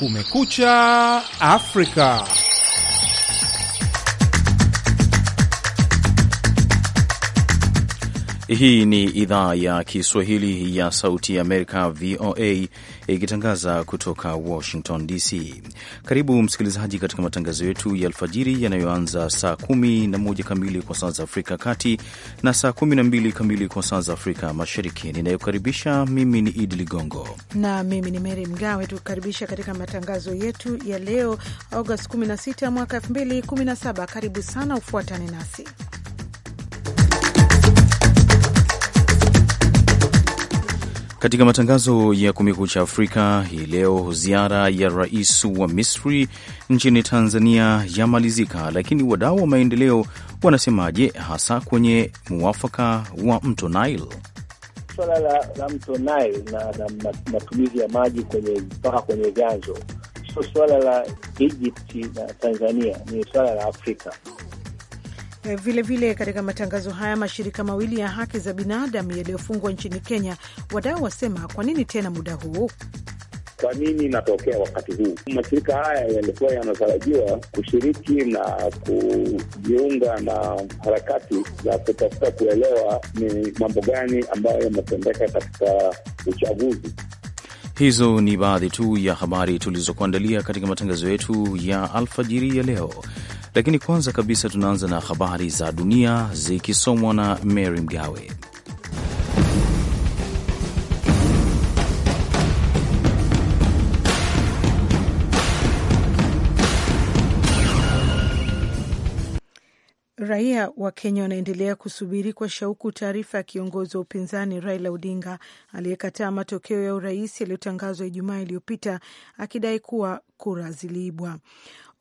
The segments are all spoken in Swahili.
Kumekucha Afrika. Hii ni idhaa ya Kiswahili ya Sauti ya Amerika, VOA, ikitangaza kutoka Washington DC. Karibu msikilizaji katika matangazo yetu ya alfajiri yanayoanza saa moja kamili kwa saa za Afrika kati na saa 12 kamili kwa saa za Afrika Mashariki. Ninayokaribisha mimi ni Idi Ligongo na mimi ni mery Mgawe, tukukaribisha katika matangazo yetu ya leo Agosti 16 mwaka 2017. Karibu sana, ufuatane nasi Katika matangazo ya Kumekucha Afrika hii leo, ziara ya rais wa Misri nchini Tanzania yamalizika, lakini wadau wa maendeleo wanasemaje, hasa kwenye muafaka wa mto Nile? Swala la, la mto Nile na, na matumizi ya maji mpaka kwenye vyanzo sio swala la Egypt na Tanzania, ni swala la Afrika. Vilevile eh, vile katika matangazo haya, mashirika mawili ya haki za binadamu yaliyofungwa nchini Kenya, wadau wasema kwa nini tena muda huu? Kwa nini inatokea wakati huu? Mashirika haya yalikuwa yanatarajiwa kushiriki na kujiunga na harakati za kutafuta kuelewa ni mambo gani ambayo yametendeka katika uchaguzi. Hizo ni baadhi tu ya habari tulizokuandalia katika matangazo yetu ya alfajiri ya leo lakini kwanza kabisa tunaanza na habari za dunia zikisomwa na Mary Mgawe. Raia wa Kenya wanaendelea kusubiri kwa shauku taarifa ya kiongozi wa upinzani Raila Odinga aliyekataa matokeo ya urais yaliyotangazwa Ijumaa iliyopita akidai kuwa kura ziliibwa.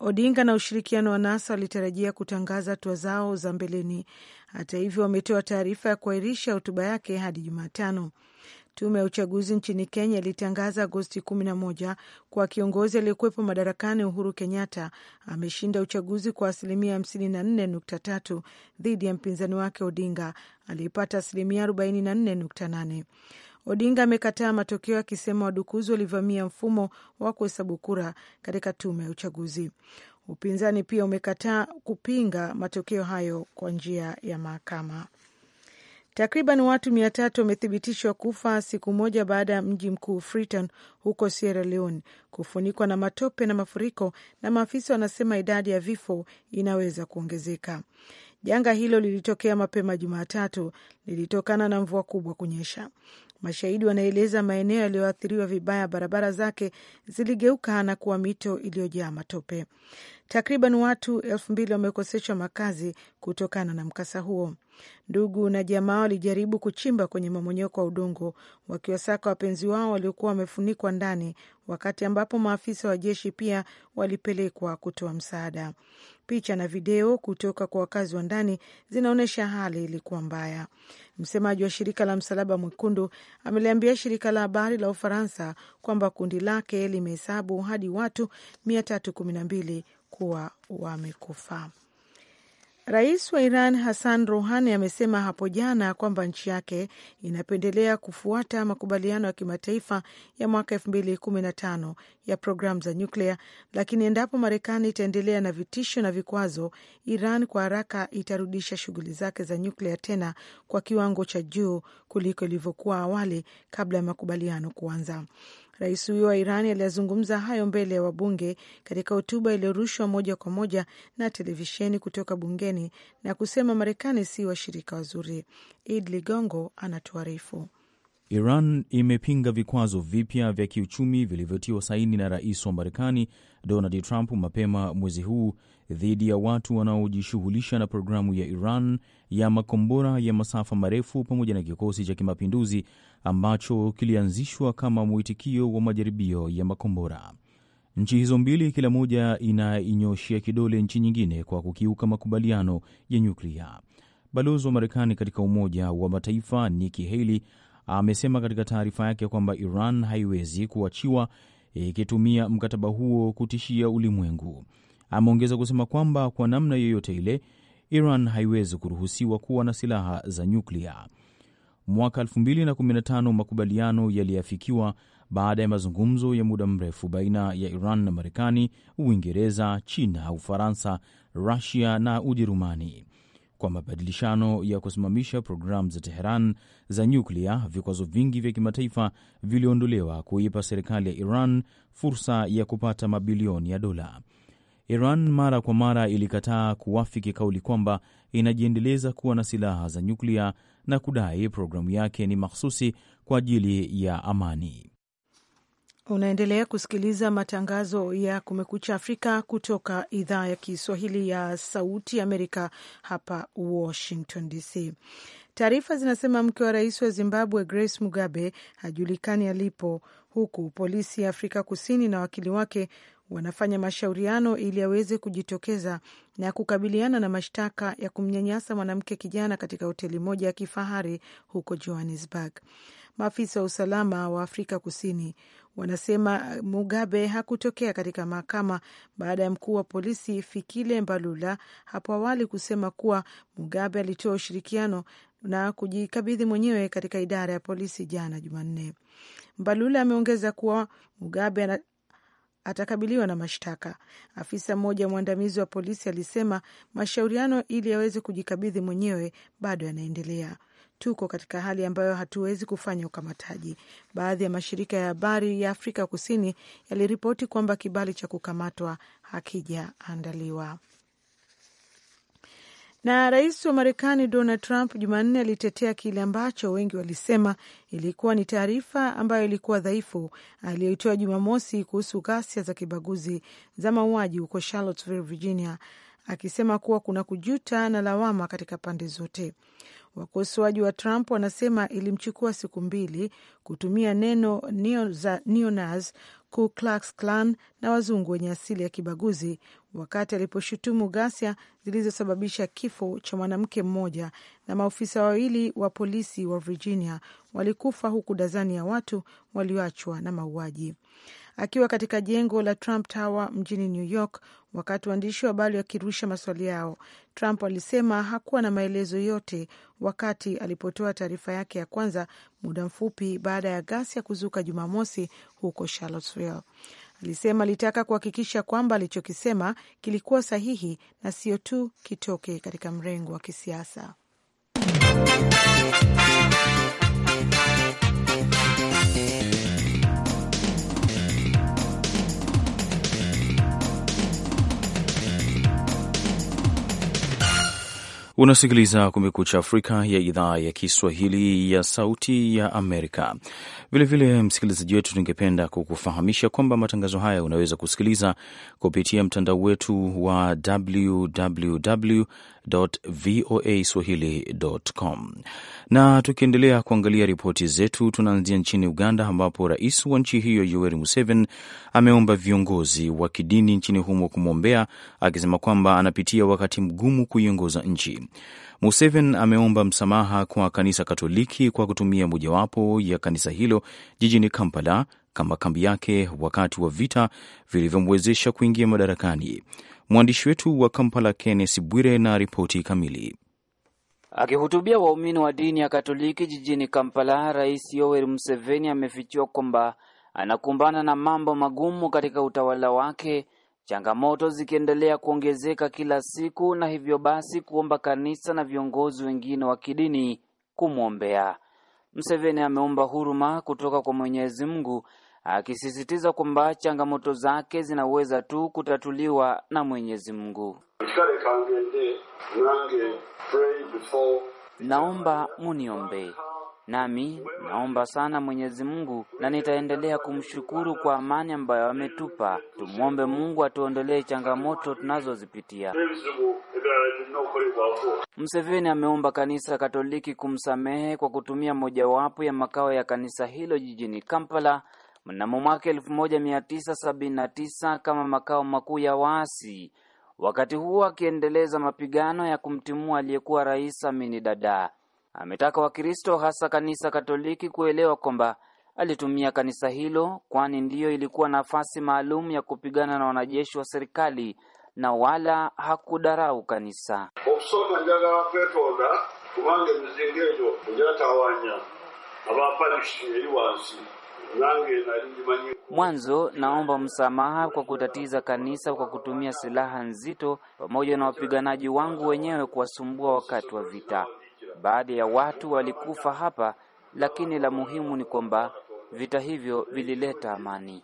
Odinga na ushirikiano wa NASA walitarajia kutangaza hatua zao za mbeleni. Hata hivyo, wametoa taarifa ya kuahirisha hotuba yake hadi Jumatano. Tume ya uchaguzi nchini Kenya ilitangaza Agosti 11 kwa kiongozi aliyekuwepo madarakani Uhuru Kenyatta ameshinda uchaguzi kwa asilimia 54.3 dhidi ya mpinzani wake Odinga aliyepata asilimia 44.8. Odinga amekataa matokeo akisema wadukuzi walivamia mfumo wa kuhesabu kura katika tume ya uchaguzi. Upinzani pia umekataa kupinga matokeo hayo kwa njia ya mahakama. Takriban watu mia tatu wamethibitishwa kufa siku moja baada ya mji mkuu Freetown huko Sierra Leone kufunikwa na matope na mafuriko, na maafisa wanasema idadi ya vifo inaweza kuongezeka. Janga hilo lilitokea mapema Jumatatu, lilitokana na mvua kubwa kunyesha. Mashahidi wanaeleza maeneo yaliyoathiriwa vibaya, barabara zake ziligeuka na kuwa mito iliyojaa matope. Takriban watu elfu mbili wamekoseshwa makazi kutokana na mkasa huo. Ndugu na jamaa walijaribu kuchimba kwenye mamonyeko wa udongo wakiwasaka wapenzi wao waliokuwa wamefunikwa ndani, wakati ambapo maafisa wa jeshi pia walipelekwa kutoa msaada. Picha na video kutoka kwa wakazi wa ndani zinaonyesha hali ilikuwa mbaya. Msemaji wa shirika la Msalaba Mwekundu ameliambia shirika la habari la Ufaransa kwamba kundi lake limehesabu hadi watu 312 kuwa wamekufa. Rais wa Iran Hassan Rouhani amesema hapo jana kwamba nchi yake inapendelea kufuata makubaliano ya kimataifa ya mwaka elfu mbili kumi na tano ya programu za nyuklia, lakini endapo Marekani itaendelea na vitisho na vikwazo, Iran kwa haraka itarudisha shughuli zake za nyuklia tena kwa kiwango cha juu kuliko ilivyokuwa awali kabla ya makubaliano kuanza. Rais huyo wa iran aliyazungumza hayo mbele ya wabunge katika hotuba iliyorushwa moja kwa moja na televisheni kutoka bungeni na kusema Marekani si washirika wazuri. Id Ligongo anatuarifu. Iran imepinga vikwazo vipya vya kiuchumi vilivyotiwa saini na rais wa Marekani Donald Trump mapema mwezi huu dhidi ya watu wanaojishughulisha na programu ya Iran ya makombora ya masafa marefu pamoja na kikosi cha kimapinduzi ambacho kilianzishwa kama mwitikio wa majaribio ya makombora. Nchi hizo mbili kila moja inainyoshia kidole nchi nyingine kwa kukiuka makubaliano ya nyuklia. Balozi wa Marekani katika Umoja wa Mataifa Nikki Haley amesema katika taarifa yake kwamba Iran haiwezi kuachiwa ikitumia mkataba huo kutishia ulimwengu. Ameongeza kusema kwamba kwa namna yoyote ile Iran haiwezi kuruhusiwa kuwa na silaha za nyuklia. Mwaka 2015 makubaliano yaliyafikiwa baada ya mazungumzo ya muda mrefu baina ya Iran na Marekani, Uingereza, China, Ufaransa, Rusia na Ujerumani kwa mabadilishano ya kusimamisha programu za Teheran za nyuklia. Vikwazo vingi vya kimataifa viliondolewa kuipa serikali ya Iran fursa ya kupata mabilioni ya dola. Iran mara kwa mara ilikataa kuwafiki kauli kwamba inajiendeleza kuwa na silaha za nyuklia na kudai programu yake ni mahsusi kwa ajili ya amani. Unaendelea kusikiliza matangazo ya Kumekucha Afrika kutoka idhaa ya Kiswahili ya Sauti Amerika, hapa Washington DC. Taarifa zinasema mke wa rais wa Zimbabwe Grace Mugabe hajulikani alipo, huku polisi ya Afrika Kusini na wakili wake wanafanya mashauriano ili aweze kujitokeza na kukabiliana na mashtaka ya kumnyanyasa mwanamke kijana katika hoteli moja ya kifahari huko Johannesburg. Maafisa wa usalama wa Afrika Kusini wanasema Mugabe hakutokea katika mahakama baada ya mkuu wa polisi Fikile Mbalula hapo awali kusema kuwa Mugabe alitoa ushirikiano na kujikabidhi mwenyewe katika idara ya polisi jana Jumanne. Mbalula ameongeza kuwa Mugabe atakabiliwa na mashtaka. Afisa mmoja mwandamizi wa polisi alisema mashauriano ili aweze kujikabidhi mwenyewe bado yanaendelea. Tuko katika hali ambayo hatuwezi kufanya ukamataji. Baadhi ya mashirika ya habari ya Afrika Kusini yaliripoti kwamba kibali cha kukamatwa hakijaandaliwa. Na rais wa Marekani Donald Trump Jumanne alitetea kile ambacho wengi walisema ilikuwa ni taarifa ambayo ilikuwa dhaifu aliyoitoa Jumamosi kuhusu ghasia za kibaguzi za mauaji huko Charlottesville, Virginia, akisema kuwa kuna kujuta na lawama katika pande zote. Wakosoaji wa Trump wanasema ilimchukua siku mbili kutumia neno neonaz Ku Klux Klan na wazungu wenye asili ya kibaguzi wakati aliposhutumu ghasia zilizosababisha kifo cha mwanamke mmoja na maofisa wawili wa polisi wa Virginia walikufa huku dazani ya watu walioachwa na mauaji akiwa katika jengo la Trump Tower mjini New York wakati waandishi wa habari wakirusha maswali yao. Trump alisema hakuwa na maelezo yote wakati alipotoa taarifa yake ya kwanza muda mfupi baada ya gasi ya kuzuka Jumamosi huko Charlottesville. Alisema alitaka kuhakikisha kwamba alichokisema kilikuwa sahihi na sio tu kitoke katika mrengo wa kisiasa. Unasikiliza Kumekucha Afrika ya idhaa ya Kiswahili ya Sauti ya Amerika. Vilevile msikilizaji wetu, tungependa kukufahamisha kwamba matangazo haya unaweza kusikiliza kupitia mtandao wetu wa www voa swahili.com. Na tukiendelea kuangalia ripoti zetu, tunaanzia nchini Uganda ambapo rais wa nchi hiyo Yoweri Museveni ameomba viongozi wa kidini nchini humo kumwombea, akisema kwamba anapitia wakati mgumu kuiongoza nchi. Museveni ameomba msamaha kwa kanisa Katoliki kwa kutumia mojawapo ya kanisa hilo jijini Kampala kama kambi yake wakati wa vita vilivyomwezesha kuingia madarakani. Mwandishi wetu wa Kampala, kennes Bwire, na ripoti kamili. Akihutubia waumini wa dini ya Katoliki jijini Kampala, Rais Yoweri Museveni amefichua kwamba anakumbana na mambo magumu katika utawala wake, changamoto zikiendelea kuongezeka kila siku, na hivyo basi kuomba kanisa na viongozi wengine wa kidini kumwombea. Museveni ameomba huruma kutoka kwa Mwenyezi Mungu akisisitiza kwamba changamoto zake zinaweza tu kutatuliwa na Mwenyezi Mungu. Naomba muniombe nami naomba sana Mwenyezi Mungu na nitaendelea kumshukuru kwa amani ambayo ametupa. Tumwombe Mungu atuondolee changamoto tunazozipitia. Museveni ameomba kanisa Katoliki kumsamehe kwa kutumia mojawapo ya makao ya kanisa hilo jijini Kampala mnamo mwaka 1979 kama makao makuu ya waasi, wakati huo akiendeleza mapigano ya kumtimua aliyekuwa rais Amini Dada. Ametaka Wakristo hasa kanisa Katoliki kuelewa kwamba alitumia kanisa hilo, kwani ndiyo ilikuwa nafasi maalum ya kupigana na wanajeshi wa serikali na wala hakudarau kanisa. kubanga wansi Mwanzo naomba msamaha kwa kutatiza kanisa kwa kutumia silaha nzito pamoja na wapiganaji wangu wenyewe kuwasumbua wakati wa vita. Baadhi ya watu walikufa hapa, lakini la muhimu ni kwamba vita hivyo vilileta amani.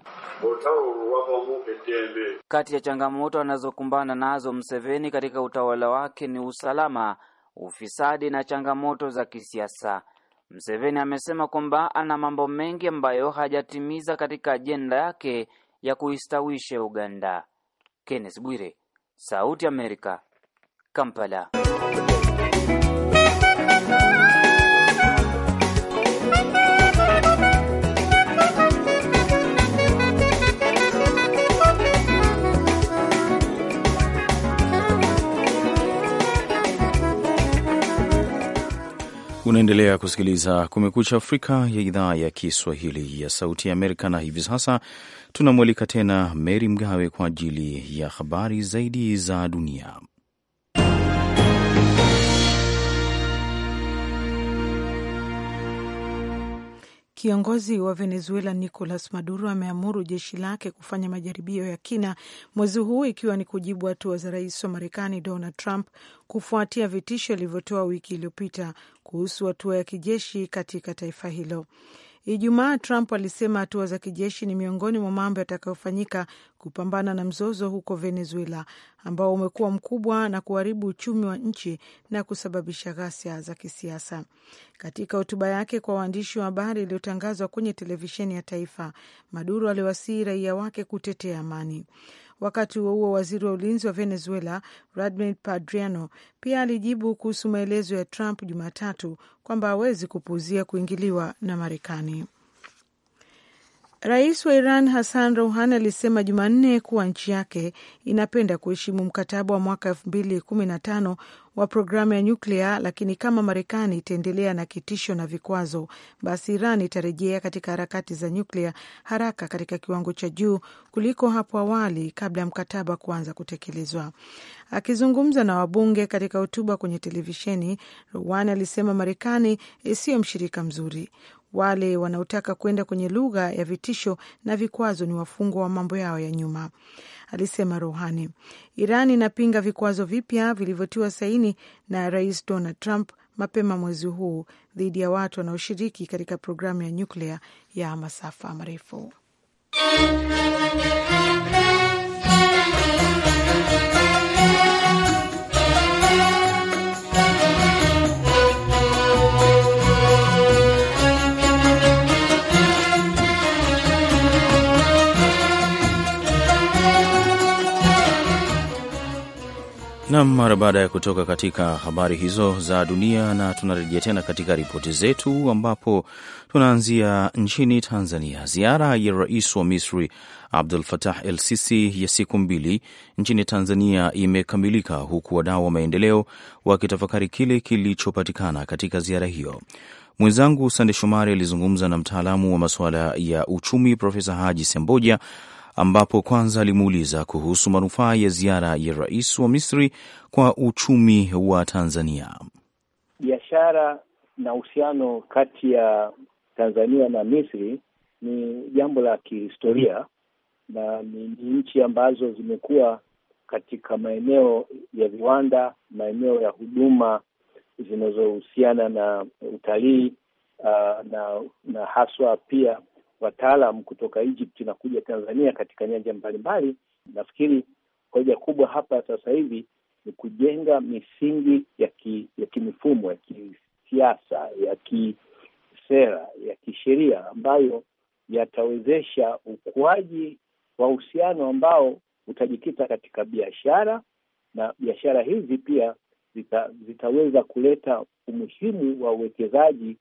Kati ya changamoto anazokumbana nazo Mseveni katika utawala wake ni usalama, ufisadi na changamoto za kisiasa mseveni amesema kwamba ana mambo mengi ambayo hajatimiza katika ajenda yake ya kuistawisha Uganda. Kenneth Bwire, Sauti Amerika, Kampala. Unaendelea kusikiliza Kumekucha Afrika ya idhaa ya Kiswahili ya Sauti ya Amerika, na hivi sasa tunamwalika tena Meri Mgawe kwa ajili ya habari zaidi za dunia. Kiongozi wa Venezuela Nicolas Maduro ameamuru jeshi lake kufanya majaribio ya kina mwezi huu ikiwa ni kujibu hatua za rais wa Marekani Donald Trump kufuatia vitisho alivyotoa wiki iliyopita kuhusu hatua ya kijeshi katika taifa hilo. Ijumaa, Trump alisema hatua za kijeshi ni miongoni mwa mambo yatakayofanyika kupambana na mzozo huko Venezuela ambao umekuwa mkubwa na kuharibu uchumi wa nchi na kusababisha ghasia za kisiasa. Katika hotuba yake kwa waandishi wa habari iliyotangazwa kwenye televisheni ya taifa, Maduro aliwasihi raia wake kutetea amani. Wakati huo huo, waziri wa ulinzi wa Venezuela Vladimir Padriano pia alijibu kuhusu maelezo ya Trump Jumatatu kwamba hawezi kupuuzia kuingiliwa na Marekani. Rais wa Iran Hassan Rouhani alisema Jumanne kuwa nchi yake inapenda kuheshimu mkataba wa mwaka elfu mbili kumi na tano wa programu ya nyuklia, lakini kama Marekani itaendelea na kitisho na vikwazo, basi Iran itarejea katika harakati za nyuklia haraka katika kiwango cha juu kuliko hapo awali kabla ya mkataba kuanza kutekelezwa. Akizungumza na wabunge katika hotuba kwenye televisheni, Rouhani alisema Marekani isiyo mshirika mzuri wale wanaotaka kwenda kwenye lugha ya vitisho na vikwazo ni wafungwa wa mambo yao ya nyuma, alisema Rohani. Iran inapinga vikwazo vipya vilivyotiwa saini na Rais Donald Trump mapema mwezi huu dhidi ya watu wanaoshiriki katika programu ya nyuklia ya masafa marefu. Nam, mara baada ya kutoka katika habari hizo za dunia, na tunarejea tena katika ripoti zetu, ambapo tunaanzia nchini Tanzania. Ziara ya rais wa Misri Abdul Fatah El Sisi ya siku mbili nchini Tanzania imekamilika huku wadau wa maendeleo wakitafakari kile kilichopatikana katika ziara hiyo. Mwenzangu Sande Shomari alizungumza na mtaalamu wa masuala ya uchumi Profesa Haji Semboja ambapo kwanza alimuuliza kuhusu manufaa ya ziara ya rais wa Misri kwa uchumi wa Tanzania. Biashara na uhusiano kati ya Tanzania na Misri ni jambo la kihistoria na ni nchi ambazo zimekuwa katika maeneo ya viwanda, maeneo ya huduma zinazohusiana na utalii uh, na na haswa pia wataalam kutoka Egypt na kuja Tanzania katika nyanja mbalimbali. Nafikiri hoja kubwa hapa sasa hivi ni kujenga misingi ya ki, ya kimifumo ya kisiasa ya kisera ya kisheria ambayo yatawezesha ukuaji wa uhusiano ambao utajikita katika biashara na biashara hizi pia zita, zitaweza kuleta umuhimu wa uwekezaji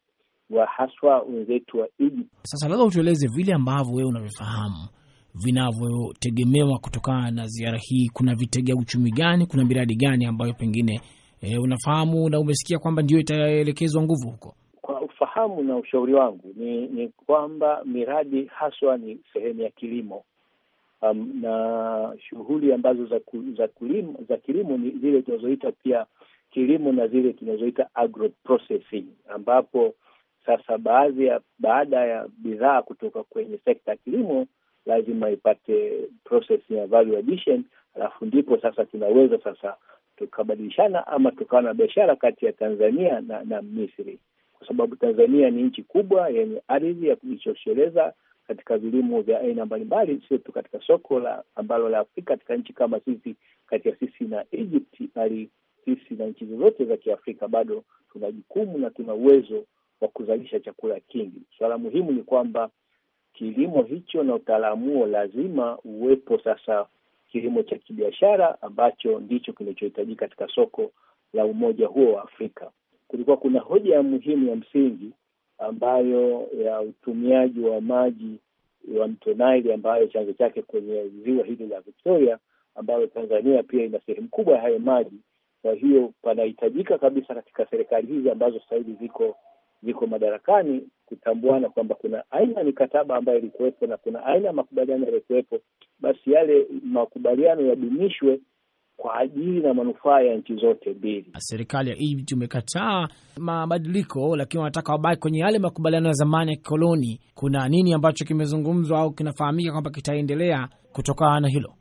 wa haswa wenzetu wa Egypt. Sasa labda utueleze vile ambavyo wewe unavyofahamu vinavyotegemewa kutokana na ziara hii. Kuna vitegea uchumi gani? Kuna miradi gani ambayo pengine e, unafahamu na umesikia kwamba ndio itaelekezwa nguvu huko? Kwa ufahamu na ushauri wangu ni, ni kwamba miradi haswa ni sehemu ya kilimo um, na shughuli ambazo za, ku, za, kulimo, za kilimo ni zile tunazoita pia kilimo na zile tunazoita agro processing ambapo sasa baadhi ya baada ya bidhaa kutoka kwenye sekta ya kilimo lazima ipate process ya value addition, alafu ndipo sasa tunaweza sasa tukabadilishana ama tukawa na biashara kati ya Tanzania na, na Misri kwa sababu Tanzania ni nchi kubwa yenye ardhi ya kujitosheleza katika vilimo vya aina mbalimbali, sio tu katika soko la ambalo la Afrika katika nchi kama sisi, kati ya sisi na Egypt, bali sisi na nchi zozote za Kiafrika bado tuna jukumu na tuna uwezo wa kuzalisha chakula kingi. Suala muhimu ni kwamba kilimo hicho na utaalamu huo lazima uwepo sasa kilimo cha kibiashara ambacho ndicho kinachohitajika katika soko la umoja huo wa Afrika. Kulikuwa kuna hoja ya muhimu ya msingi ambayo ya utumiaji wa maji wa mto Naili ambayo chanzo chake kwenye ziwa hili la Victoria, ambayo Tanzania pia ina sehemu kubwa ya hayo maji. Kwa hiyo panahitajika kabisa katika serikali hizi ambazo sasa hivi ziko ziko madarakani kutambuana kwamba kuna aina ya mikataba ambayo ilikuwepo na kuna aina ya makubaliano yaliyokuwepo, basi yale makubaliano yadumishwe kwa ajili na manufaa ya nchi zote mbili. Serikali ya Egypt umekataa mabadiliko, lakini wanataka wabaki kwenye yale makubaliano ya zamani ya kikoloni. Kuna nini ambacho kimezungumzwa au kinafahamika kwamba kitaendelea kutokana na hilo?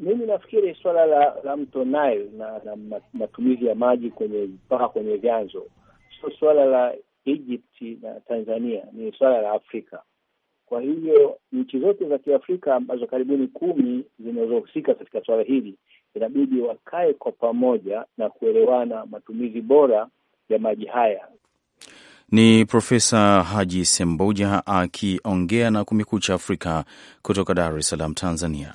Mimi nafikiri swala la, la mto Nile na, na matumizi ya maji kwenye mpaka kwenye vyanzo sio swala la Egypt na Tanzania ni suala la Afrika. Kwa hivyo nchi zote za Kiafrika ambazo karibuni kumi zinazohusika katika suala hili inabidi wakae kwa pamoja na kuelewana matumizi bora ya maji haya. Ni Profesa Haji Semboja akiongea na Kumekucha Afrika kutoka Dar es Salaam, Tanzania.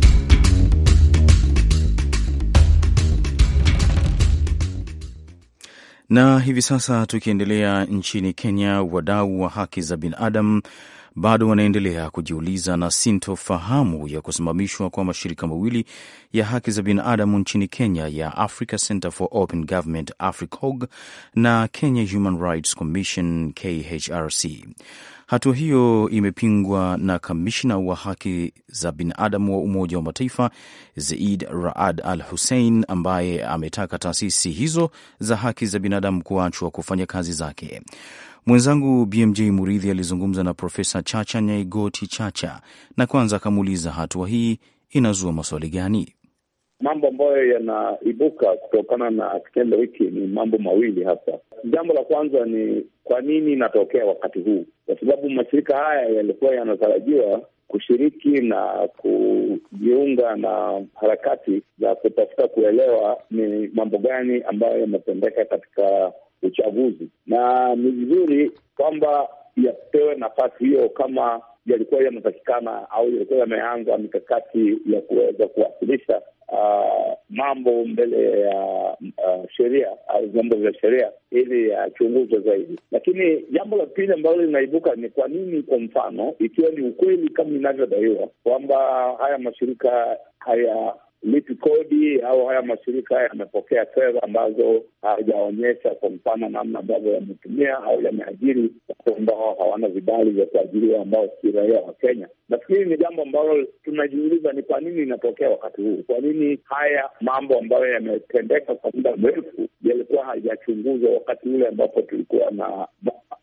Na hivi sasa tukiendelea nchini Kenya, wadau wa haki za binadamu bado wanaendelea kujiuliza na sintofahamu ya kusimamishwa kwa mashirika mawili ya haki za binadamu nchini Kenya ya Africa Center for Open Government AFRICOG na Kenya Human Rights Commission KHRC. Hatua hiyo imepingwa na kamishna wa haki za binadamu wa Umoja wa Mataifa Zeid Raad Al Hussein, ambaye ametaka taasisi hizo za haki za binadamu kuachwa kufanya kazi zake. Mwenzangu BMJ Muridhi alizungumza na Profesa Chacha Nyaigoti Chacha na kwanza akamuuliza hatua hii inazua maswali gani? Mambo ambayo yanaibuka kutokana na kitendo hiki ni mambo mawili hasa. Jambo la kwanza ni kwa nini inatokea wakati huu, kwa sababu mashirika haya yalikuwa yanatarajiwa kushiriki na kujiunga na harakati za kutafuta kuelewa ni mambo gani ambayo yametendeka katika uchaguzi, na ni vizuri kwamba yapewe nafasi hiyo kama yalikuwa yanatakikana au yalikuwa yameanza mikakati ya kuweza kuwasilisha uh, mambo mbele ya uh, sheria au vyombo vya sheria ili yachunguzwe uh, zaidi. Lakini jambo la pili ambalo linaibuka ni kwa nini, kwa mfano, ikiwa ni ukweli kama inavyodaiwa kwamba haya mashirika haya lipi kodi au haya mashirika haya yamepokea fedha ambazo hayajaonyesha, kwa mfano namna ambavyo yametumia au yameajiri watu ambao hawana vibali vya kuajiriwa ambao si raia wa Kenya. Nafikiri ni jambo ambalo tunajiuliza ni kwa nini inatokea wakati huu, kwa nini haya mambo ambayo yametendeka kwa muda mrefu yalikuwa hayajachunguzwa wakati ule ambapo tulikuwa na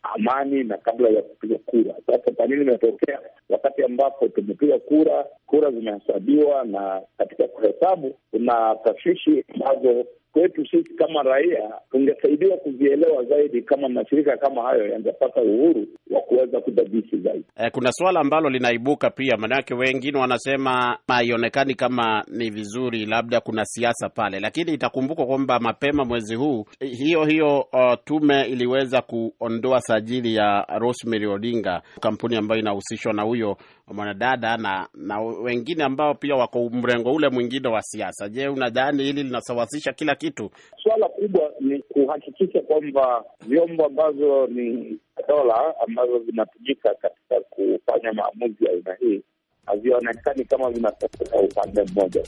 amani na kabla ya kupiga kura. Sasa kwa nini imetokea wakati ambapo tumepiga kura, kura zimehesabiwa na katika hesabu kuna tashwishi ambazo kwetu sisi kama raia tungesaidiwa kuvielewa zaidi, kama mashirika kama hayo yangepata uhuru wa kuweza kudadisi zaidi. Eh, kuna suala ambalo linaibuka pia, maanake wengine wanasema haionekani kama ni vizuri, labda kuna siasa pale, lakini itakumbukwa kwamba mapema mwezi huu hiyo hiyo uh, tume iliweza kuondoa sajili ya Rosemary Odinga, kampuni ambayo inahusishwa na huyo mwanadada na na wengine ambao pia wako mrengo ule mwingine wa siasa. Je, unadhani hili linasawazisha kila kitu. Suala kubwa ni kuhakikisha kwamba vyombo ambavyo ni dola ambazo zinatumika katika kufanya maamuzi ya aina hii havionekani kama vinatokea upande mmoja.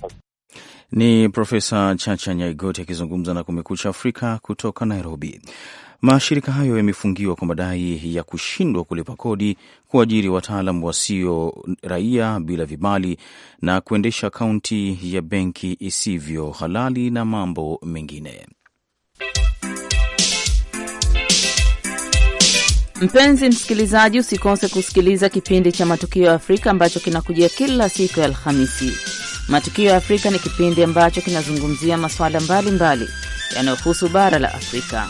Ni Profesa Chacha Nyaigoti akizungumza na Kumekucha Afrika kutoka Nairobi. Mashirika hayo yamefungiwa kwa madai ya kushindwa kulipa kodi, kuajiri wataalam wasio raia bila vibali, na kuendesha akaunti ya benki isivyo halali na mambo mengine. Mpenzi msikilizaji, usikose kusikiliza kipindi cha Matukio ya Afrika ambacho kinakujia kila siku ya Alhamisi. Matukio ya Afrika ni kipindi ambacho kinazungumzia masuala mbalimbali yanayohusu bara la Afrika.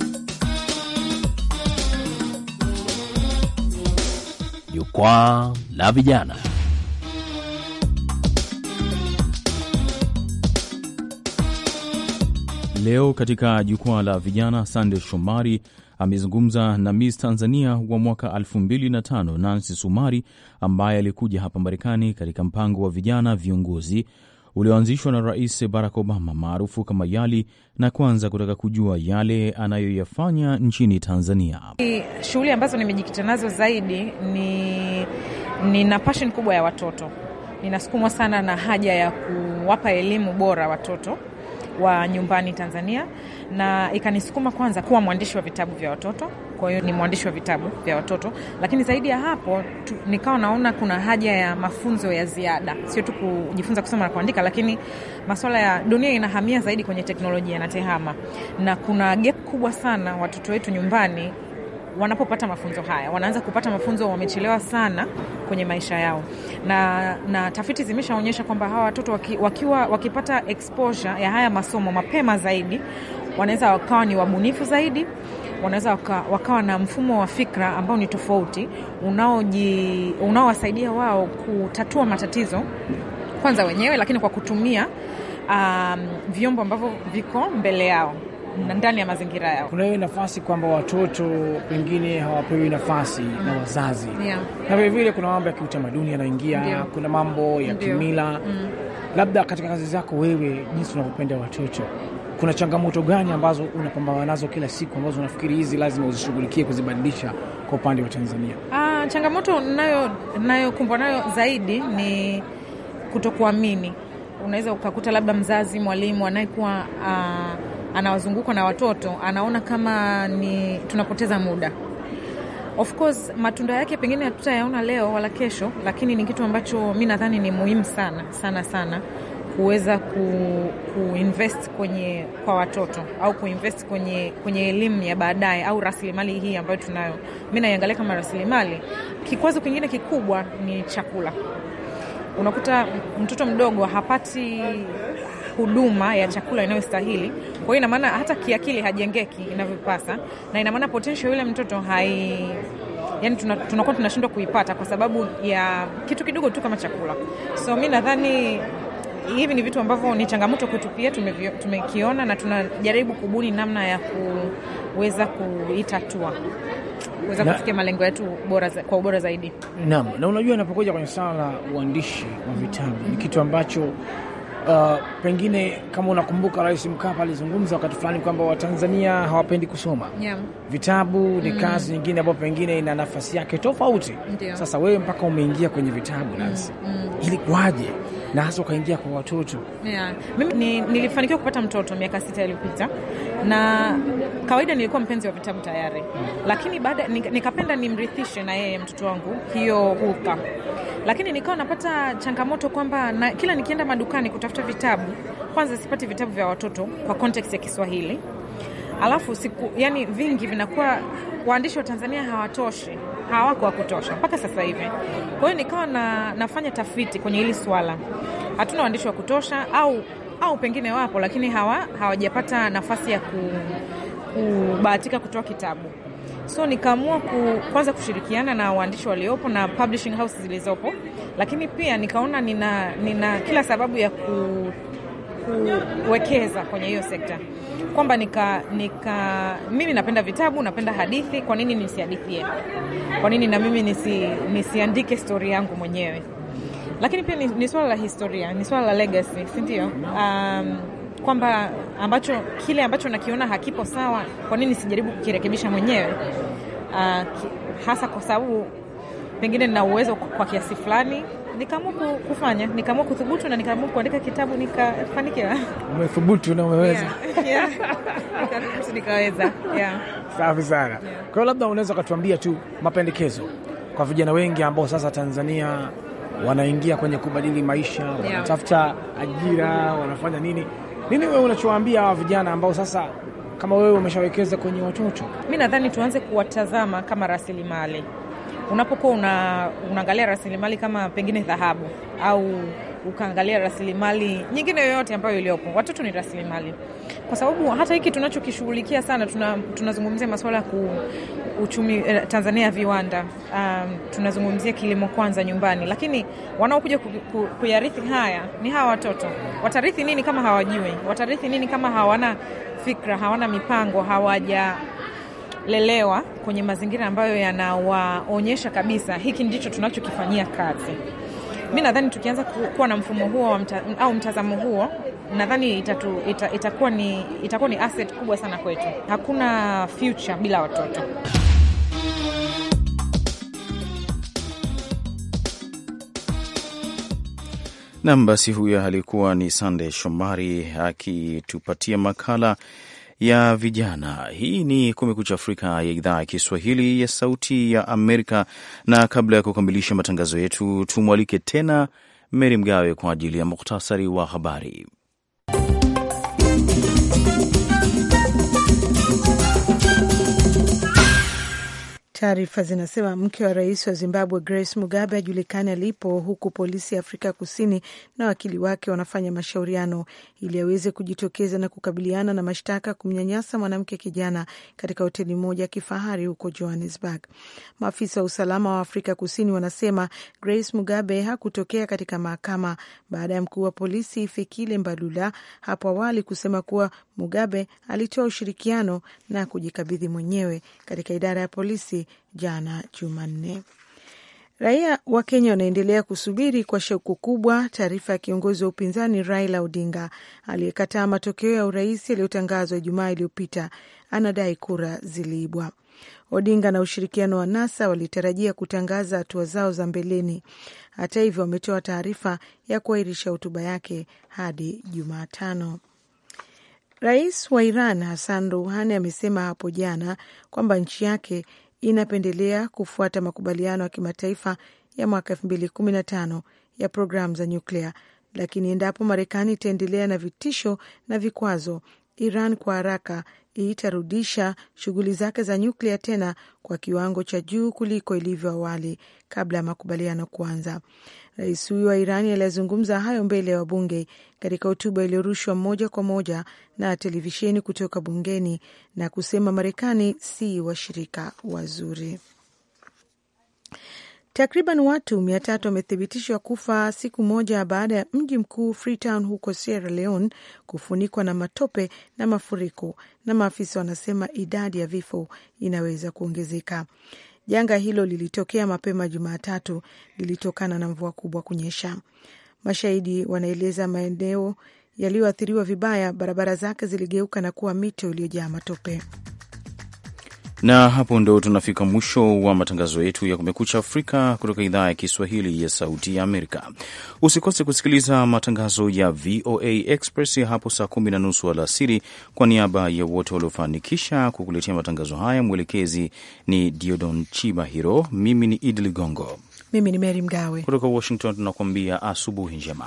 Jukwaa la Vijana. Leo katika Jukwaa la Vijana, Sande Shomari amezungumza na Miss Tanzania wa mwaka 2005 Nancy Sumari ambaye alikuja hapa Marekani katika mpango wa vijana viongozi ulioanzishwa na Rais Barack Obama maarufu kama YALI, na kwanza kutaka kujua yale anayoyafanya nchini Tanzania. Shughuli ambazo nimejikita nazo zaidi ni nina passion kubwa ya watoto, ninasukumwa sana na haja ya kuwapa elimu bora watoto wa nyumbani Tanzania, na ikanisukuma kwanza kuwa mwandishi wa vitabu vya watoto kwa hiyo ni mwandishi wa vitabu vya watoto. Lakini zaidi ya hapo tu, nikawa naona kuna haja ya mafunzo ya ziada, sio tu kujifunza kusoma na kuandika, lakini masuala ya dunia inahamia zaidi kwenye teknolojia na tehama, na kuna gap kubwa sana watoto wetu nyumbani wanapopata mafunzo haya wanaanza kupata mafunzo wamechelewa sana kwenye maisha yao, na, na tafiti zimeshaonyesha kwamba hawa watoto waki, wakiwa wakipata exposure ya haya masomo mapema zaidi wanaweza wakawa ni wabunifu zaidi, wanaweza waka, wakawa na mfumo wa fikra ambao ni tofauti unaowasaidia wao kutatua matatizo kwanza wenyewe, lakini kwa kutumia um, vyombo ambavyo viko mbele yao na ndani ya mazingira yao. Kuna hiyo nafasi kwamba watoto pengine hawapewi nafasi mm. na wazazi yeah. na vilevile kuna mambo ya kiutamaduni yanaingia kuna mambo ya Ndiyo. kimila mm. labda katika kazi zako wewe, jinsi unavyopenda watoto kuna changamoto gani ambazo unapambana nazo kila siku ambazo unafikiri hizi lazima uzishughulikie kuzibadilisha kwa upande wa Tanzania? Aa, ah, changamoto nayokumbwa nayo, nayo zaidi ni kutokuamini. Unaweza ukakuta labda mzazi, mwalimu anayekuwa ah, anawazunguka na watoto anaona kama ni tunapoteza muda. Of course matunda yake pengine hatutayaona leo wala kesho, lakini ni kitu ambacho mi nadhani ni muhimu sana sana sana kuweza ku, kuinvest kwenye kwa watoto au kuinvest kwenye kwenye elimu ya baadaye au rasilimali hii ambayo tunayo. Mi naiangalia kama rasilimali. Kikwazo kingine kikubwa ni chakula. Unakuta mtoto mdogo hapati huduma ya chakula inayostahili. Kwa hiyo ina maana hata kiakili hajengeki inavyopasa, na ina maana potential yule mtoto hai yani tunakuwa tuna, tunashindwa kuipata kwa sababu ya kitu kidogo tu kama chakula. So mi nadhani hivi ni vitu ambavyo ni changamoto kwetu pia tumekiona na tunajaribu kubuni namna ya kuweza kuitatua kuweza kufikia malengo yetu bora za, kwa ubora zaidi. Naam, na unajua inapokuja kwenye swala la uandishi wa vitabu ni kitu ambacho uh, pengine kama unakumbuka Rais Mkapa alizungumza wakati fulani kwamba Watanzania hawapendi kusoma yeah. Vitabu ni mm. kazi nyingine ambayo pengine ina nafasi yake tofauti. Sasa wewe mpaka umeingia kwenye vitabu mm, nasi mm. mm. ilikuwaje? na hasa ukaingia kwa watoto yeah. Mimi ni, nilifanikiwa kupata mtoto miaka sita iliyopita, na kawaida nilikuwa mpenzi wa vitabu tayari mm. Lakini baada nikapenda nimrithishe na yeye mtoto wangu hiyo huka lakini nikawa napata changamoto kwamba na, kila nikienda madukani kutafuta vitabu, kwanza sipati vitabu vya watoto kwa context ya Kiswahili alafu siku, yani vingi vinakuwa waandishi wa Tanzania hawatoshi hawako wa kutosha mpaka sasa hivi. Kwa hiyo nikawa na, nafanya tafiti kwenye hili swala, hatuna waandishi wa kutosha au, au pengine wapo lakini hawa hawajapata nafasi ya kubahatika kutoa kitabu. So nikaamua ku, kwanza kushirikiana na waandishi waliopo na publishing house zilizopo, lakini pia nikaona nina, nina kila sababu ya ku kuwekeza kwenye hiyo sekta kwamba nika, nika mimi napenda vitabu, napenda hadithi. Kwa nini nisihadithie? Kwa nini na mimi nisi, nisiandike stori yangu mwenyewe? Lakini pia ni, ni swala la historia, ni swala la legacy, si ndio? Um, kwamba ambacho kile ambacho nakiona hakipo sawa, kwa nini sijaribu kukirekebisha mwenyewe? Uh, hasa kwa sababu pengine nina uwezo kwa kiasi fulani nikaamua kufanya, nikaamua kuthubutu na nikaamua kuandika kitabu, nikafanikiwa. Umethubutu na umeweza. nikaweza. Safi sana Kwa hiyo labda unaweza ukatuambia tu mapendekezo kwa vijana wengi ambao sasa Tanzania wanaingia kwenye kubadili maisha, wanatafuta yeah. ajira, wanafanya nini nini, wewe unachowaambia hawa vijana ambao sasa kama wewe umeshawekeza kwenye watoto? Mi nadhani tuanze kuwatazama kama rasilimali unapokuwa una, unaangalia rasilimali kama pengine dhahabu au ukaangalia rasilimali nyingine yoyote ambayo iliyopo, watoto ni rasilimali, kwa sababu hata hiki tunachokishughulikia sana, tunazungumzia tuna masuala ya uchumi eh, Tanzania ya viwanda, um, tunazungumzia kilimo kwanza nyumbani, lakini wanaokuja ku, ku, kuyarithi haya ni hawa watoto. Watarithi nini kama hawajui? Watarithi nini kama hawana fikra, hawana mipango, hawaja lelewa kwenye mazingira ambayo yanawaonyesha kabisa hiki ndicho tunachokifanyia kazi. Mi nadhani tukianza kuwa na mfumo huo mta, au mtazamo huo nadhani itakuwa ita, ita ni, itakuwa ni asset kubwa sana kwetu. Hakuna future bila watoto. Nam, basi huyo alikuwa ni Sande Shomari akitupatia makala ya vijana. Hii ni Kumekucha Afrika ya idhaa ya Kiswahili ya Sauti ya Amerika, na kabla ya kukamilisha matangazo yetu, tumwalike tena Meri Mgawe kwa ajili ya muktasari wa habari. Taarifa zinasema mke wa rais wa Zimbabwe Grace Mugabe ajulikani alipo, huku polisi ya Afrika Kusini na wakili wake wanafanya mashauriano ili aweze kujitokeza na kukabiliana na mashtaka kumnyanyasa mwanamke kijana katika hoteli moja ya kifahari huko Johannesburg. Maafisa wa usalama wa Afrika Kusini wanasema Grace Mugabe hakutokea katika mahakama baada ya mkuu wa polisi Fikile Mbalula hapo awali kusema kuwa Mugabe alitoa ushirikiano na kujikabidhi mwenyewe katika idara ya polisi jana Jumanne. Raia wa Kenya wanaendelea kusubiri kwa shauku kubwa taarifa ya kiongozi wa upinzani Raila Odinga aliyekataa matokeo ya urais yaliyotangazwa Ijumaa iliyopita. Anadai kura ziliibwa. Odinga na ushirikiano wa NASA walitarajia kutangaza hatua zao za mbeleni. Hata hivyo, wametoa taarifa ya kuahirisha hotuba yake hadi Jumatano. Rais wa Iran Hassan Rouhani amesema hapo jana kwamba nchi yake inapendelea kufuata makubaliano ya kimataifa ya mwaka kumi na tano ya programu za nyuklia, lakini endapo Marekani itaendelea na vitisho na vikwazo, Iran kwa haraka itarudisha shughuli zake za nyuklia tena kwa kiwango cha juu kuliko ilivyo awali kabla ya makubaliano kuanza. Rais huyo wa Irani aliyezungumza hayo mbele ya wabunge katika hotuba iliyorushwa moja kwa moja na televisheni kutoka bungeni na kusema Marekani si washirika wazuri. Takriban watu mia tatu wamethibitishwa kufa siku moja baada ya mji mkuu Freetown huko Sierra Leone kufunikwa na matope na mafuriko, na maafisa wanasema idadi ya vifo inaweza kuongezeka. Janga hilo lilitokea mapema Jumatatu, lilitokana na mvua kubwa kunyesha. Mashahidi wanaeleza maeneo yaliyoathiriwa vibaya, barabara zake ziligeuka na kuwa mito iliyojaa matope. Na hapo ndo tunafika mwisho wa matangazo yetu ya Kumekucha Afrika kutoka idhaa ya Kiswahili ya Sauti ya Amerika. Usikose kusikiliza matangazo ya VOA Express hapo saa kumi na nusu alasiri. Kwa niaba ya wote waliofanikisha kukuletea matangazo haya, mwelekezi ni Diodon chibahiro mimi ni Idi Ligongo, mimi ni Meri Mgawe kutoka Washington, tunakuambia asubuhi njema.